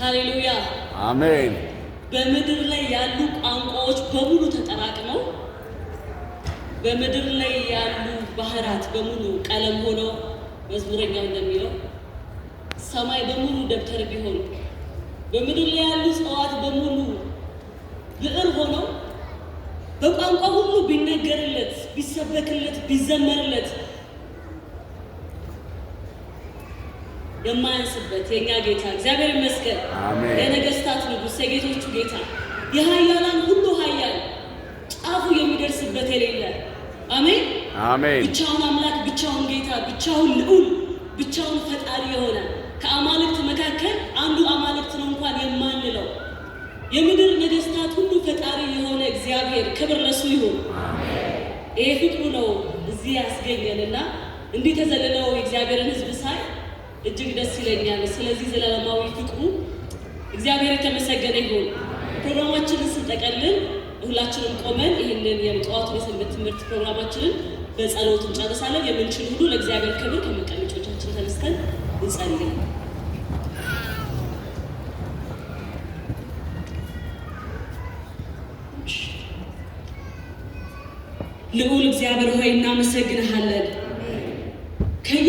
ሃሌሉያ አሜን። በምድር ላይ ያሉ ቋንቋዎች በሙሉ ተጠራቅመው በምድር ላይ ያሉ ባህራት በሙሉ ቀለም ሆነው መዝሙረኛ እንደሚለው ሰማይ በሙሉ ደብተር ቢሆን በምድር ላይ ያሉ እጽዋት በሙሉ ብዕር ሆነው በቋንቋ ሁሉ ቢነገርለት፣ ቢሰበክለት፣ ቢዘመርለት የማያንስበት የእኛ ጌታ እግዚአብሔር ይመስገን። የነገስታት ንጉስ የጌቶቹ ጌታ፣ የሀያላን ሁሉ ሀያል ጫፉ የሚደርስበት የሌለ አሜን አሜን። ብቻውን አምላክ፣ ብቻውን ጌታ፣ ብቻውን ልዑል፣ ብቻውን ፈጣሪ የሆነ ከአማልክት መካከል አንዱ አማልክት ነው እንኳን የማንለው የምድር ነገስታት ሁሉ ፈጣሪ የሆነ እግዚአብሔር ክብር ለሱ ይሁን። ይሄ ፍቅሩ ነው እዚህ ያስገኘንና እንዲህ ተዘልለው የእግዚአብሔርን ሕዝብ ሳይ እጅግ ደስ ይለኛል። ስለዚህ ዘላለማዊ ፍቅሩ እግዚአብሔር የተመሰገነ ይሁን። ፕሮግራማችንን ስንጠቀልል ሁላችንም ቆመን ይህንን የጠዋቱ የሰንበት ትምህርት ፕሮግራማችንን በጸሎት እንጨርሳለን። የምንችል ሁሉ ለእግዚአብሔር ክብር ከመቀመጫዎቻችን ተነስተን እንጸልይ። ልዑል እግዚአብሔር ሆይ እናመሰግንሃለን ከየ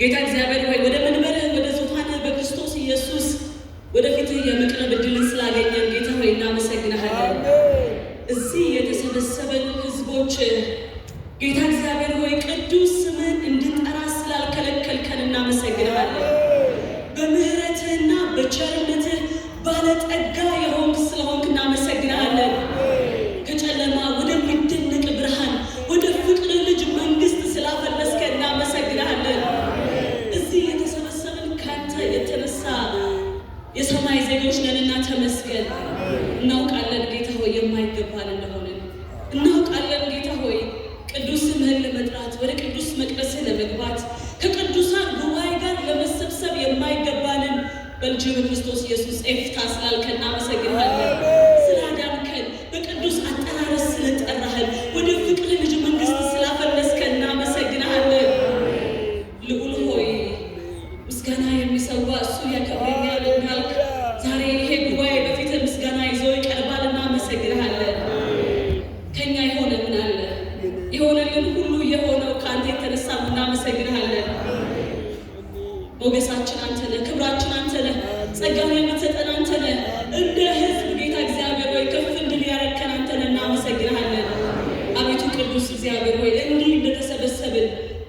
ጌታ እግዚአብሔር ሆይ ወደ መንበርህ ወደ ዙፋንህ በክርስቶስ ኢየሱስ ወደፊት የመቅረብ እድልን ስላገኘን ጌታ ሆይ እናመሰግናሃለን። እዚህ የተሰበሰበን ህዝቦች ጌታ እግዚአብሔር ሆይ ቅዱስ ስምን እንድንጠራ ስላልከለከልከን እናመሰግናሃለን። በምህረትህና በቸርነትህ ባለጠጋ ወደ ቅዱስ መቅደስህ ለመግባት ከቅዱሳን ጉባኤ ጋር ለመሰብሰብ የማይገባንን በልጅ በክርስቶስ ኢየሱስ ኤፍታ ስላልከና እናመሰግንሃለን። ሞገሳችን አንተ ነህ፣ ክብራችን አንተ ነህ፣ ጸጋን የምትሰጠን አንተ ነህ። እንደ ሕዝብ ጌታ እግዚአብሔር ሆይ ከፍ እንድል ያረከን አንተ ነህ። እናመሰግንሃለን። አቤቱ ቅዱስ እግዚአብሔር ሆይ እንዲህ እንደተሰበሰብን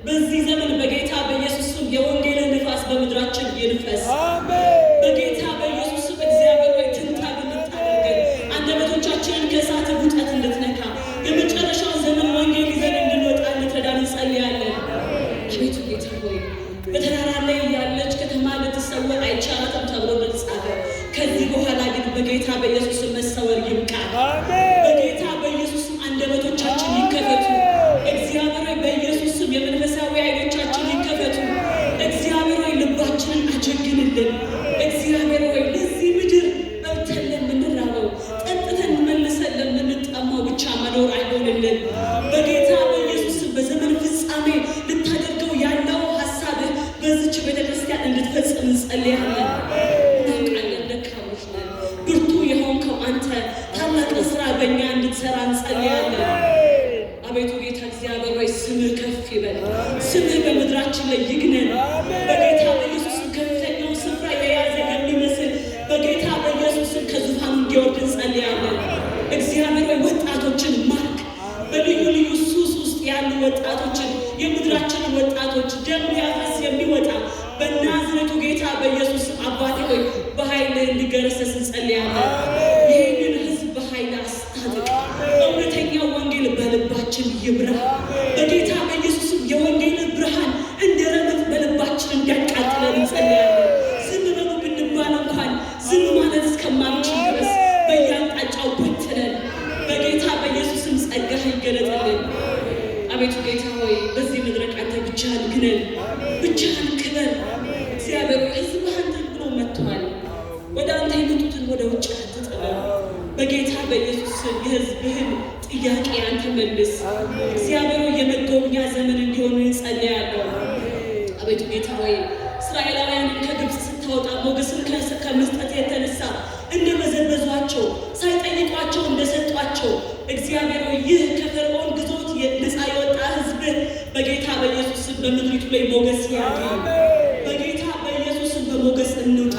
በዚህ ዘመን በጌታ በኢየሱስ ስም የወንጌልን ንፋስ በምድራችን ይንፈስ። በጌታ በኢየሱስ መሰወር ይብቃ። በጌታ በኢየሱስ አንደበቶቻችን ይከፈቱ። እግዚአብሔር በኢየሱስ የመንፈሳዊ አይኖቻችን ይከፈቱ። እግዚአብሔር ወይ ልባችንን አጀግንልን። እግዚአብሔር ወይ ለዚህ ምድር መብተን ለምንራበው ጠጥተን መልሰን ለምንጠማው ብቻ መኖር አይሆንልን። በጌታ በኢየሱስ በዘመን ፍጻሜ ልታደርገው ያለው ሀሳብ በዚች ቤተክርስቲያን እንድትፈጽም እንጸልያለን። እንድትሰራ እንጸልያለን። አቤቱ ጌታ እግዚአብሔር ሆይ ስምህ ከፍ ይበል፣ ስምህ በምድራችን ላይ ይግነን። በጌታ በኢየሱስ ከፍተኛው ስፍራ የያዘ የሚመስል በጌታ በኢየሱስን ከዙፋን እንዲወርድ እንጸልያለን። እግዚአብሔር ሆይ ወጣቶችን ማርክ። በልዩ ልዩ ሱስ ውስጥ ያሉ ወጣቶችን የምድራችንን ወጣቶች ደም ያፈስ የሚወጣ በናዝሬቱ ጌታ በኢየሱስ አባቴ ሆይ በኃይል እንዲገረሰስ እንጸልያለን። በልባችን ይብራ። በጌታ በኢየሱስም የወንጌል ብርሃን እንደ ረመት በልባችን እንዲያቃጥለን እንጸልያለን። ዝም በሉ ብንባል እንኳን ዝም ማለት እስከማንችል ድረስ በየአቅጣጫው በትነን በጌታ በኢየሱስም ጸጋህ ይገለጠልን። አቤቱ ጌታ ሆይ በዚህ መድረክ አንተ ብቻህን ግነን፣ ብቻህን ክበር። እግዚአብሔር ህዝብህን ብሎ መጥቷል። ወደ አንተ የመጡትን ወደ ውጭ አትጥለን። በጌታ በኢየሱስ የህዝብህን ጥያቄ አንተ መልስ። እግዚአብሔር የመተውኛ ዘመን እንዲሆን እንጸልያለሁ። አቤቱ ጌታ ሆይ እስራኤላውያንን ከግብፅ ስታወጣ ሞገስን ከመስጠት የተነሳ እንደመዘበዟቸው ሳይጠይቋቸው እንደሰጧቸው እግዚአብሔር ይህ ከፈርዖን ግዞት ነፃ የወጣ ሕዝብህ በጌታ በኢየሱስ በምድሪቱ ላይ ሞገስ ያገኝ። በጌታ በኢየሱስ በሞገስ እንውጣ።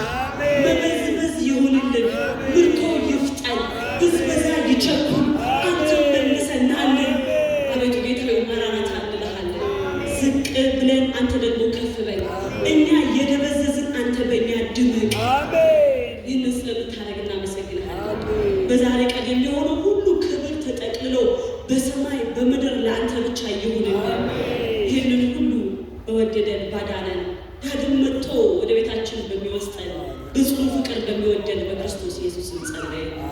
ድምቅ ይህን ስለምታደርግ እናመሰግናለን። በዛሬ ቀን የሚሆነው ሁሉ ክብር ተጠቅልሎ በሰማይ በምድር ለአንተ ብቻ ይሁን። ይህንን ሁሉ በወደደን ባዳነን ዳግም መጥቶ ወደ ቤታችን በሚወስጠን በጽኑ ፍቅር በሚወደን በክርስቶስ ኢየሱስ እንጸልይ።